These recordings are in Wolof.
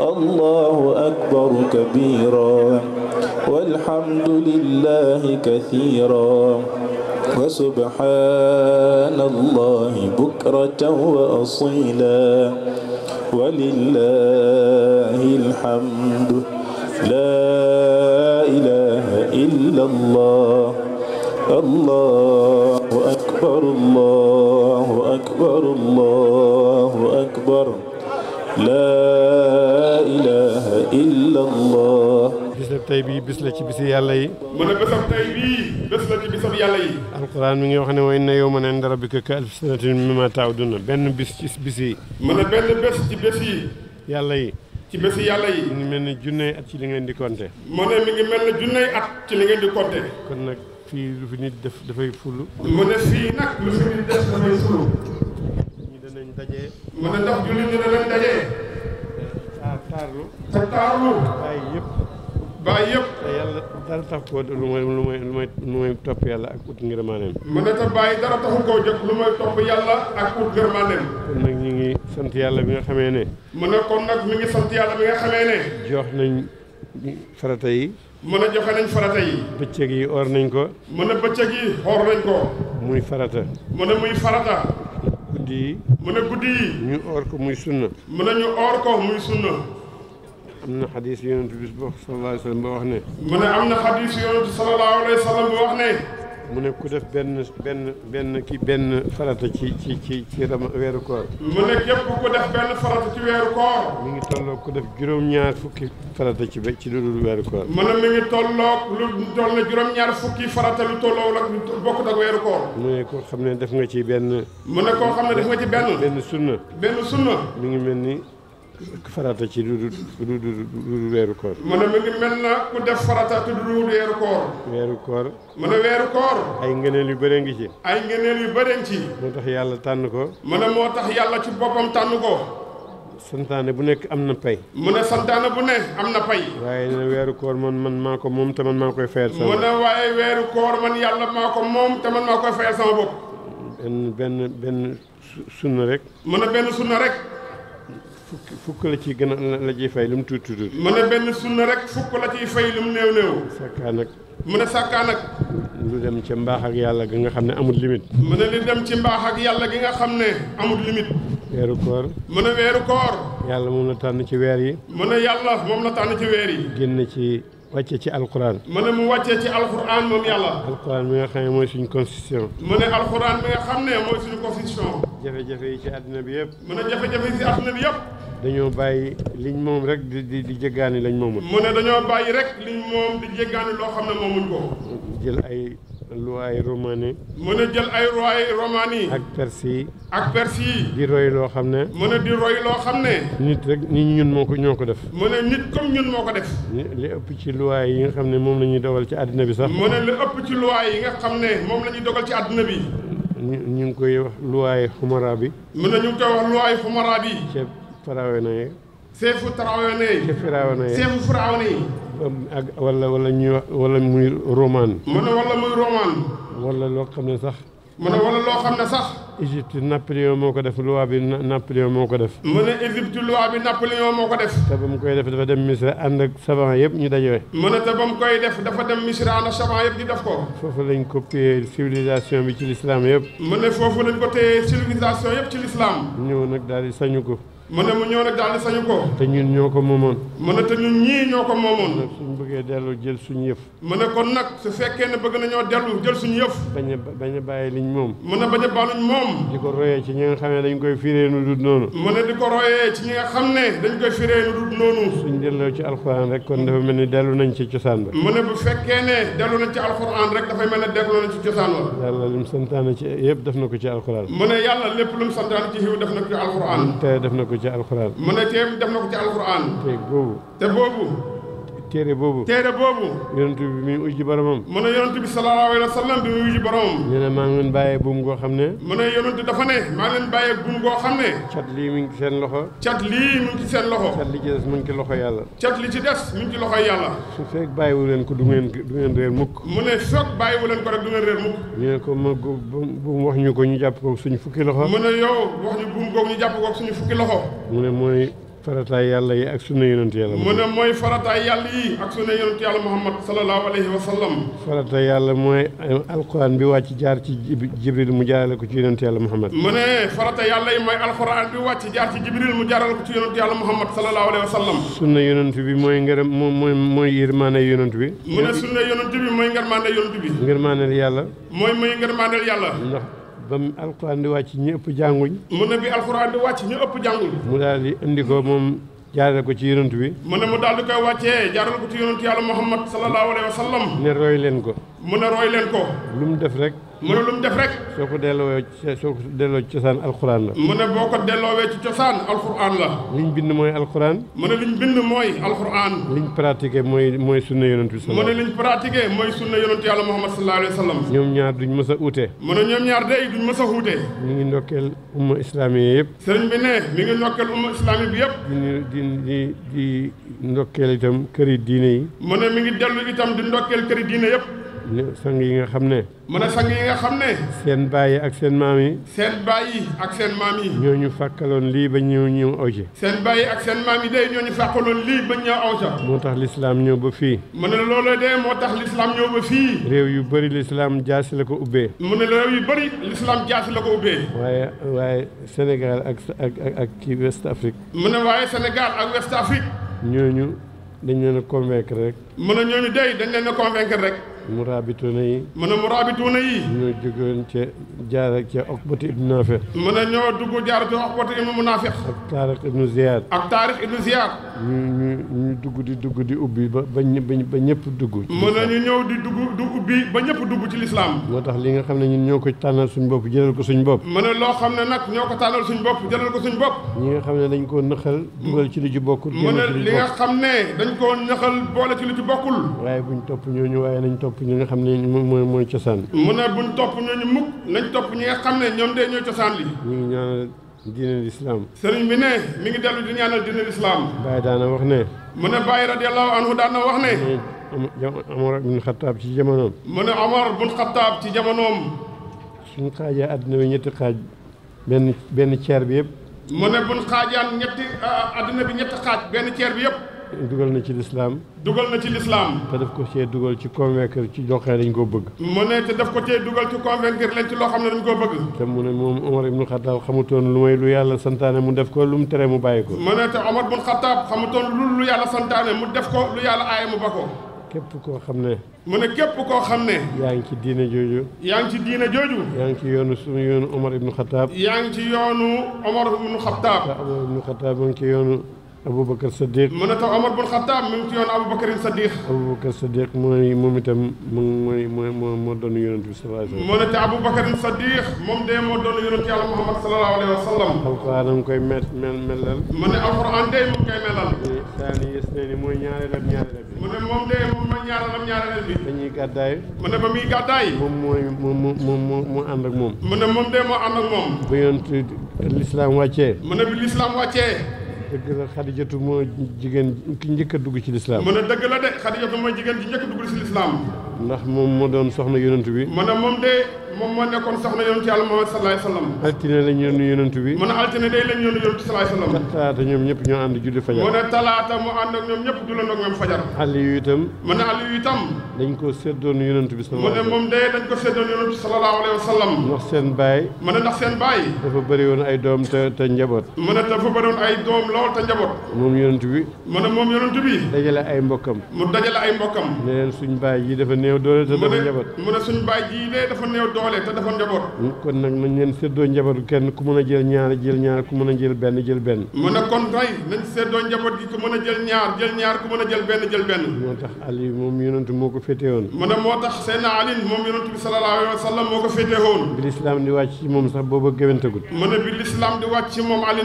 الله أكبر كبيرا والحمد لله كثيرا وسبحان الله بكرة وأصيلا ولله الحمد لا إله إلا الله الله أكبر الله أكبر الله أكبر لا إله إلا bisab tey bii bis la ci bisi yàlla yi mu ne bisab tey bii bis la ci bisab yàlla yi alquran mi ngi wax ne wa inna yawman inda rabbika ka alfi sanatin mimma ta'uduna benn bis ci bis yi mu ne benn bés ci bés yàlla yi ci bési yàlla yi mi ngi mel ne junney at ci li ngeen di compter mu ne mi ngi mel ne junney at ci li ngeen di compter kon nag fii lu fi nit def dafay fulu. mu fii nag lu fi nit def dafay fulu. ñu danañ daje. mu ne ndax jullit ñi danañ daje. taar taarlu. te taarlu. bàyyi yëpp. bàyyi yëpp. te yàlla dara lu may topp yàlla ak ut ngërmaaneem. mu te bàyyi dara taxu koo jóg lu may topp yàlla ak ut ngërmaaneem. kon nag ñu ngi sant yàlla bi nga xamee ne. mu kon nag mi ngi sant yàlla bi nga xamee ne. jox nañ farata yi. mën a joxe nañ farata yi. bëccëg yi or nañ ko. mën a bëccëg yi or nañ ko. muy farata. mën a muy farata. guddi yi. mën guddi yi. ñu or ko muy sunna. mën a ñu or ko muy sunna. am na xadis yonent bi sallallahu alayhi wa boo wax ne. mën am na xadis yonent sallallahu alayhi wa wax ne. mu ne ku def benn benn benn kii benn farata ci ci ci ci rama weeru koor. mu ne képp ku def benn farata ci weeru koor. mi ngi tolloo ku def juróom-ñaar fukki farata ci ci lu dul weeru koor. mu ne mi ngi tolloo lu toll na juróom-ñaar fukki farata lu tolloo lu bokkut ak weeru koor. mu ne koo xam ne def nga ci benn. mu ne koo xam ne def nga ci benn. benn sunna. benn sunna. mi ngi mel ni. farata ci du du du weeru koor. mu ne mi ngi na ku def farata te du weeru koor. weeru koor. mu ne weeru koor. ay ngëneel yu bëree ngi ci. ay ngëneel yu bëree ci. moo tax yàlla tànn ko. mu ne moo tax yàlla ci boppam tànn ko. santaane bu nekk am na pay. mu ne santaane bu ne am na pay. waaye ne weeru koor man man maa ko moom te man maa koy fayal sama. mu ne waaye weeru koor man yàlla maa ko moom te man maa koy fayal sama bopp. benn benn fukk fukk la ciy gën a la ciy fay lu mu tuuti tuuti. mu benn sunna rek fukk la ciy fay lu mu néew néew. sàkkaa lu dem ci mbaax ak yàlla gi nga xam ne amul limite. mu dem ci mbaax ak yàlla xam ne amul limite. weeru koor. mu weeru koor. yàlla moom la tànn ci weer yi. mu ne yàlla moom la tànn ci weer yi. génn ci. wàccee ci alquran. mu ne mu wàccee ci alquran moom yàlla. alquran mi nga xam ne mooy suñu constitution. mu ne alquran mi nga xam ne mooy suñu constitution. jafe-jafe yi ci àddina bi yëpp. dañoo bàyyi liñ moom rek di di di lañ moomul. mu dañoo bàyyi rek liñ moom di jéggaani loo xam ne moomuñ ko. jël ay luwaay romané. mu jël ay luwaay romané. ak persi ak persi yi. di roy loo xam ne. mu di roy xam ne. nit rek nit ñun moo ko ñoo ko def. mu ne nit ñun moo ko def. li ëpp ci luwaay yi nga xam ne moom la ñuy dogal ci àddina bi sax. mu ne li ëpp ci luwaay yi nga xam ne moom la dogal ci àddina bi. ñu ngi koy wax luwaay xumara bi. mu ne bi. Firawna yi seefu Firawna yi ci Firawna yi seefu Firawna yi um, ak wala wala ñuy wala muy roman mu ne wala muy roman wala loo xam ne sax mu ne wala loo xam ne sax Égypte Napoléon moo ko def loi bi Napoléon moo ko def mu ne Égypte bi Napoléon moo ko def te ba koy def dafa dem Misra ànd ak savant yëpp ñu dajewee mu ne te ba koy def dafa dem Misra ànd ak savant yëpp di def ko foofu lañ ko téye civilisation bi ci l'islam yëpp mu ne foofu nag daal di sañu ko mu ne mu ñëw nag daal di sañu ko. te ñun ñoo ko moomoon. mu te ñun ñii ñoo ko moomoon. nag bëggee dellu jël suñ yëf. mu ne kon nag su fekkee ne bëgg nañoo dellu jël suñu yëf. bañ a bañ bàyyi liñ moom. mu ne bañ moom. di ko royee ci ñi xam ne dañ koy firee nu dul noonu. mu di ko royee ci ñi nga xam ne dañ koy firee nu dul noonu. suñ delloo ci alxuraan rek kon dafa mel ni dellu nañ ci cosaan ba. mu ne bu fekkee ne dellu nañ ci alxuraan rek dafay mel ci yëpp def na ko ci alxuraan. def na ko a alxuraan. mu ne teem def na ko ci alxuraan. te boobu. te boobu. téere boobu téere boobu yonent bi muy ujji boromam mu ne yonent bi sallallahu alayhi wa sallam bi muy ujji boromam nee na maa goo xam ne mu ne yonent dafa ne maa ngi leen bàyyee buum goo xam ne cat lii mi ngi ci seen loxo cat lii mi seen loxo cat li ci des mu ngi ci loxo yàlla cat li ci des mi ngi ci loxo yàlla su fekk bàyyiwu leen ko du ngeen du ngeen réer mukk mu ne soog bàyyiwu leen ko rek du ngeen réer mukk ko ma buum wax ñu ko ñu jàpp ko suñu fukki loxo mu ne yow wax ñu buum ko loxo mu farataay yàlla yi ak sunna yonent yàlla mu ne mooy farataay yàlla yi ak sunna yonent yàlla muhammad sallallahu alayhi wa sallam yàlla mooy eh, alquran bi wàcc jaar ci jibril mu jaarale ko ci yonent yàlla muhammad mu ne yàlla yi mooy alquran bi wàcc jaar ci jibril mu jaarale ko ci yonent yàlla muhammad sallallahu alayhi wa sallam sunna bi mooy ngërëm moom bi mu ne sunna yonent bi mooy ngërmaane yàlla mooy mooy ngërmaaneel yàlla ba mu alxuraan di ci ñu ëpp jànguñ. mu bi alxuraan di wàcc ñu ëpp jànguñ. mu daal di indi ko moom jaarale ko ci yonent bi. mu ne mu daal di koy wàccee jaarale ko ci yonent yàlla Muhammad sallallahu alayhi ne roy leen ko. mu ne roy leen ko. lu mu def rek. mu ne lu def rek. soo ko delloo soo ko delloo ci cosaan alxuraan la. mu ne boo ko delloowee ci cosaan alxuraan la. liñ bind mooy alxuraan. mu ne liñ bind mooy alxuraan. liñ pratiqué mooy mooy sunna yonent bi. mu ne liñ pratiqué mooy sunna yonent yàlla Muhammad sallallahu ñoom ñaar duñ mës a uute. mu ñoom ñaar day duñ mës a uute. ngi ndokkeel umma islamiye yëpp. sëriñ bi ne mi ngi ndokkeel umma islamiye bi yëpp. di di di ndokkeel itam këri diine yi. mu ne mi ngi dellu itam di ndokkeel këri diine yëpp. sang yi nga xam ne. mën ne sang yi nga xam ne. seen bàyyi ak seen maam yi. seen bàyyi ak seen maam yi. ñoo ñu fàkkaloon lii ba ñu ñëw aw ci. seen bàyyi ak seen maam yi day ñoo ñu fàkkaloon lii ba ñëw aw ca. moo tax lislaam ñëw ba fii. mën ne loolu de moo tax lislaam ñëw ba fii. réew yu bëri lislaam jaasi la ko ubbee. mu ne réew yu bëri lislaam jaasi la ko ubbee. waaye waaye senegaal ak ak kii West Afrique. mu ne waaye Sénégal ak dañ leen a convaincre rek. mu ne rek. muraabituuna yi na ne muraabituuna yi ñoo jógoon ca jaara ca Okbatu ibnu Naafiq mën na ñoo dugg jaara ca Okbatu ibnu Naafiq ak Taarix ibnu Ziyaad ak Taarix ibnu Ziyaad ñu ñu ñu dugg di dugg di ubbi ba ba ba ñëpp dugg mu ne ñu ñëw ba ñëpp dugg ci lislaam moo tax li nga xam ne ñun ñoo ko tànnal suñ bopp jëlal ko suñ bopp mën ne loo xam ne nag ñoo ko tànnal suñ bopp jëlal ko suñ bopp ñi nga xam ne dañ koo nëxal dugal ci li ci bokkul mu ne li nga xam ne dañ koo waaye nañ topp topp ñi nga ne mooy mooy cosaan mu ne buñ topp ñooñu mukk bi ne mi daana wax ne mu bun Xattaab ci jamonoom mu ne bun Xattaab ci jamonoom suñ xaajee àddina bi ñetti xaaj benn ceer bi yëpp dugal na ci lislaam dugal na ci lislaam te daf ko cee dugal ci convaincre ci loo xam ne dañ koo bëgg mu ne te daf ko cee dugal ci convaincre leen ci loo xam ne dañ koo bëgg te mu ne moom Omar ibn Khattab xamutoon lu may lu yàlla santaane mu def ko lu mu tere mu bàyyi ko mu ne te Omar ibn Khattab xamutoon lu lu yàlla santaane mu def ko lu yàlla aaye mu ba ko képp koo xam ne mu ne képp koo xam ne yaa ngi ci diine jooju yaa ngi ci diine jooju yaa ngi ci yoonu suñu yoonu Omar ibn Khattab yaa ngi ci yoonu Omar ibn Khattab Omar ibn Khattab mu ngi ci yoonu Aboubacar Saddiq mu ne tax Omar bun Xattaab mi ngi ci yoon Aboubacar Saddiq Aboubacar Saddiq mooy moom itam mooy mooy moo moo doon yonent bi sallallahu alayhi wa sallam mu ne te Aboubacar Saddiq moom de moo doon yonent yàlla Muhammad sallallahu alayhi wa sallam alquran am koy mel mel melal mu ne alquran de moom koy melal saani yes nee ni mooy ñaareelam ñaareelam bi mu ne moom de moom mooy ñaareelam ñaareelam bi dañuy gàddaay mu ne ba muy gàddaay moom mooy moom moo moom moo moo ànd ak moom mu ne moom de moo ànd ak moom ba yonent l'islam wàccee mu ne bi l'islam wàccee dëgg la xadijatu moo jigéen ki njëkk dugg ci lislaam mu ne dëgg la de xadijatu mooy jigéen ci njëkk a dugg ci lislaam ndax moom moo doon soxna yonent bi mu ne moom de moom moo nekkoon soxna yonent yàlla Muhammad sallallahu alayhi wa sallam altine lañ yónni yonent bi mu ne altine day lañ yónni yonent sallallahu alayhi wa sallam talaata ñoom ñëpp ñoo ànd julli fajar mu ne talaata mu ànd ak ñoom ñëpp jullandoo ñoom fajar àll yu itam mu ne àll yu itam dañ ko séddoon yonent bi mu ne moom de dañ ko séddoon yonent bi sallallahu alayhi wa sallam ndax seen baay mu ne ndax seen baay dafa bëri woon ay doom te te njaboot mu ne dafa bëri woon ay doom lool te njaboot moom yonent bi mu ne moom yonent bi dajale ay mbokkam mu dajale ay mbokkam ne leen suñ baay yi dafa néew néew doole te dafa njaboot mu a suñu baay ji lee dafa néew doole te dafa njaboot kon nag nañ leen séddoo njaboot kenn ku mën a jël ñaar jël ñaar ku mën a jël benn jël benn mu a kon tey nañ séddoo njaboot gi ku mën a jël ñaar jël ñaar ku mën a jël benn jël benn moo tax ali moom yonentu moo ko féete woon a ne moo tax seen ali moom yonentu bi sallallahu alayhi wa moo ko féete woon di wàcc ci moom sax booba géwéntagul mu ne bi lislaam di wàcc ci moom ali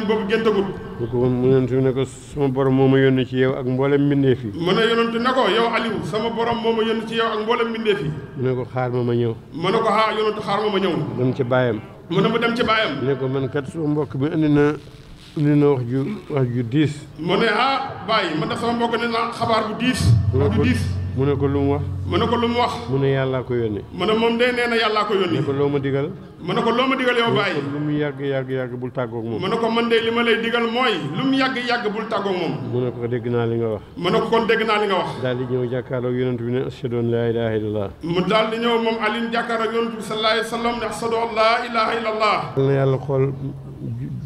mu ko mu yonent bi ne ko sama borom moo ma yónni ci yow ak mboolem mbindeef yi mu ne yonent ne ko yow Aliou sama borom moo ma yónni ci yow ak mboolem mbindeef yi mu ne ko xaar ma ma ñëw mu ne ko xaar ah, yonent xaar ma ma ñëw dem ci baayam mu ne mu dem ci baayam ne ko man kat sama mbokk bi indi na indi na wax ju wax ju diis mu ne ah bàyyi man def sama mbokk ne na xabaar bu diis wax ju diis mu ne ko lu wax mu ne ko lu mu wax yàllaa ko yónni mu ne moom de nee na yàllaa ko yónni mu ne ko loo ma digal mu ne ko loo digal yow baay lu mu yàgg yàgg yàgg bul tàggoog moom mu a ko man de li ma lay digal mooy lu mu yàgg yàgg bul tàggoog moom mu ne ko dégg naa li nga wax mu ne ko kon dégg naa li nga wax daal di ñëw jàkkaarloog yonent bi ne ashhadu an laa ilaaha illallah mu daal di ñëw moom Alioune jàkkaarloog yonent bi sallallahu alayhi wa sallam ne ashhadu an laa yàlla xool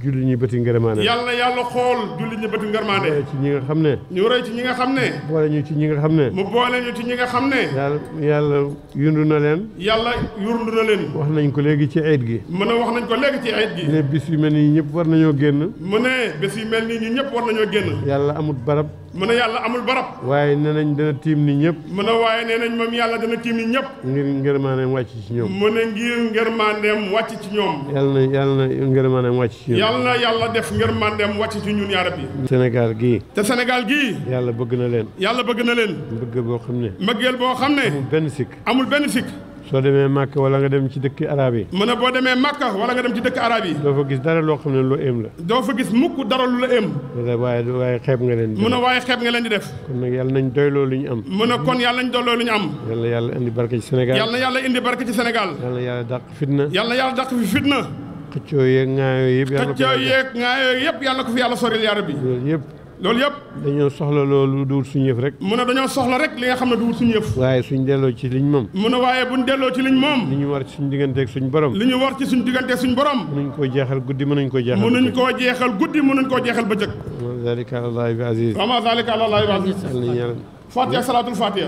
julli ñi bëti ngërmaane yàlla yàlla xool julli ñi bëti ngërmaane ci ñi nga xam ne ñu roy ci ñi nga xam ne boole ñu ci ñi nga xam ne mu boole ñu ci ñi nga xam ne yàlla yàlla yundu na leen yàlla yundu na leen wax nañ ko léegi ci ayit gi mu wax nañ ko léegi ci ayit gi mu ne bis yu mel nii ñëpp war nañoo génn mu ne bis mel nii ñu ñëpp war nañoo génn yàlla amut barab mën na yàlla amul barab waaye nee nañ dana tiim ni ñëpp mën ne waaye nee nañ moom yàlla dana tiim ni ñëpp ngir ngërmaaneem wàcc ci ñoom mu ne ngir ngërmaaneem wàcc ci ñoom yàlla na yàlla na ngërmaaneem wàcc ci ñoom yàlla na yàlla def ngërmaaneem wàcc ci ñun yaa rabbi Sénégal gii te Sénégal gii yàlla bëgg na leen yàlla bëgg na leen bëgg boo xam ne mbëggeel boo xam ne amul benn sikk amul benn sikk soo demee Màkka wala nga dem ci dëkk arab yi mu ne boo demee Màkka wala nga dem ci dëkk arab yi doo fa gis dara loo xam ne lu éem la doo fa gis mukk dara lu la éem waaye waaye xeeb nga leen mu ne waaye xeeb nga leen di def kon nag yàlla nañ doy loolu ñu am mu ne kon yàlla nañ doy loolu ñu am yàlla yàlla indi barke ci Sénégal yàlla yàlla indi barke ci Sénégal yàlla yàlla dàq fitna yàlla yàlla dàq fi fitna xëccoo yeeg ŋaayoo yëpp xëccoo yeeg ŋaayoo yëpp yàlla ko fi yàlla soril yaa rabbi loolu yëpp dañoo soxla loolu du wut suñu yëf rek mu ne dañoo soxla rek li nga xam ne du suñu yëf waaye suñ delloo ci liñ moom mu ne waaye buñ delloo ci liñ moom li ñu war ci suñ digganteeg suñ borom li ñu war ci suñ digganteeg suñ borom mënuñ koo jeexal guddi mënuñ koo jeexal mënuñ koo jeexal guddi mënuñ koo jeexal bëccëg ma zalika àlallaahi bi aziz wa ma zalika àlallaahi bi aziz fatiha salaatul fatiha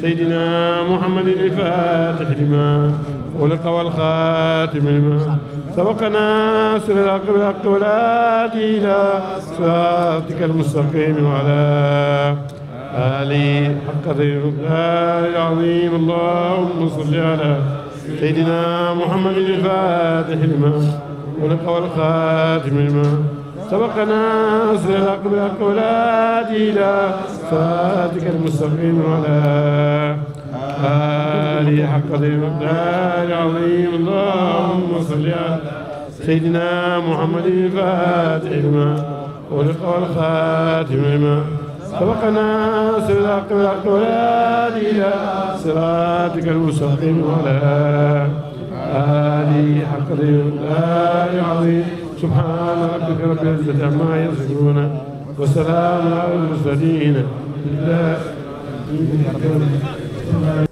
سيدنا محمد الفاتح لما ولق والخاتم لما سبقنا سر الحق بالحق والآتي إلى صراطك المستقيم وعلى آله حق العظيم اللهم صل على سيدنا محمد الفاتح لما ولق والخاتم لما سبقنا أسر الأقبل أقبل إلى صراطك المستقيم على آله حق المقدار العظيم اللهم صل على سيدنا محمد الفاتح لما ولق والخاتم لما سبقنا أسر الأقبل أقبل إلى صراطك المستقيم على آله حق المقدار العظيم subhaana rabbika rabbil izzati ammaa yasifuuna wa salaamun alal mursaliin